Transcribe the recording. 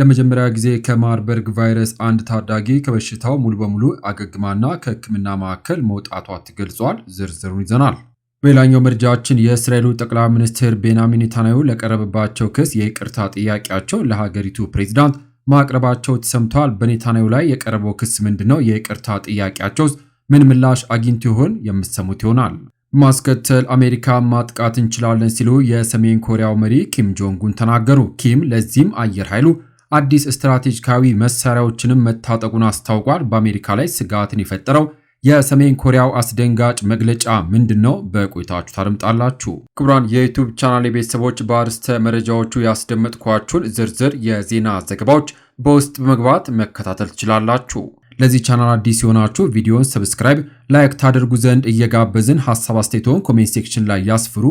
ለመጀመሪያ ጊዜ ከማርበርግ ቫይረስ አንድ ታዳጊ ከበሽታው ሙሉ በሙሉ አገግማና ከሕክምና ማዕከል መውጣቷ ተገልጿል። ዝርዝሩን ይዘናል። በሌላኛው መረጃችን የእስራኤሉ ጠቅላይ ሚኒስትር ቤንያሚን ኔታንያሁ ለቀረበባቸው ክስ የይቅርታ ጥያቄያቸው ለሀገሪቱ ፕሬዚዳንት ማቅረባቸው ተሰምተዋል። በኔታንያሁ ላይ የቀረበው ክስ ምንድን ነው? የይቅርታ ጥያቄያቸውስ ምን ምላሽ አግኝቶ ይሆን? የምሰሙት ይሆናል። ማስከተል አሜሪካ ማጥቃት እንችላለን ሲሉ የሰሜን ኮሪያው መሪ ኪም ጆንጉን ተናገሩ። ኪም ለዚህም አየር ኃይሉ አዲስ ስትራቴጂካዊ መሳሪያዎችንም መታጠቁን አስታውቋል። በአሜሪካ ላይ ስጋትን የፈጠረው የሰሜን ኮሪያው አስደንጋጭ መግለጫ ምንድን ነው? በቆይታችሁ ታደምጣላችሁ። ክቡራን የዩቱብ ቻናል ቤተሰቦች በአርዕስተ መረጃዎቹ ያስደመጥኳችሁን ዝርዝር የዜና ዘገባዎች በውስጥ በመግባት መከታተል ትችላላችሁ። ለዚህ ቻናል አዲስ የሆናችሁ ቪዲዮን ሰብስክራይብ፣ ላይክ ታደርጉ ዘንድ እየጋበዝን ሀሳብ አስተያየቶን ኮሜንት ሴክሽን ላይ ያስፍሩ።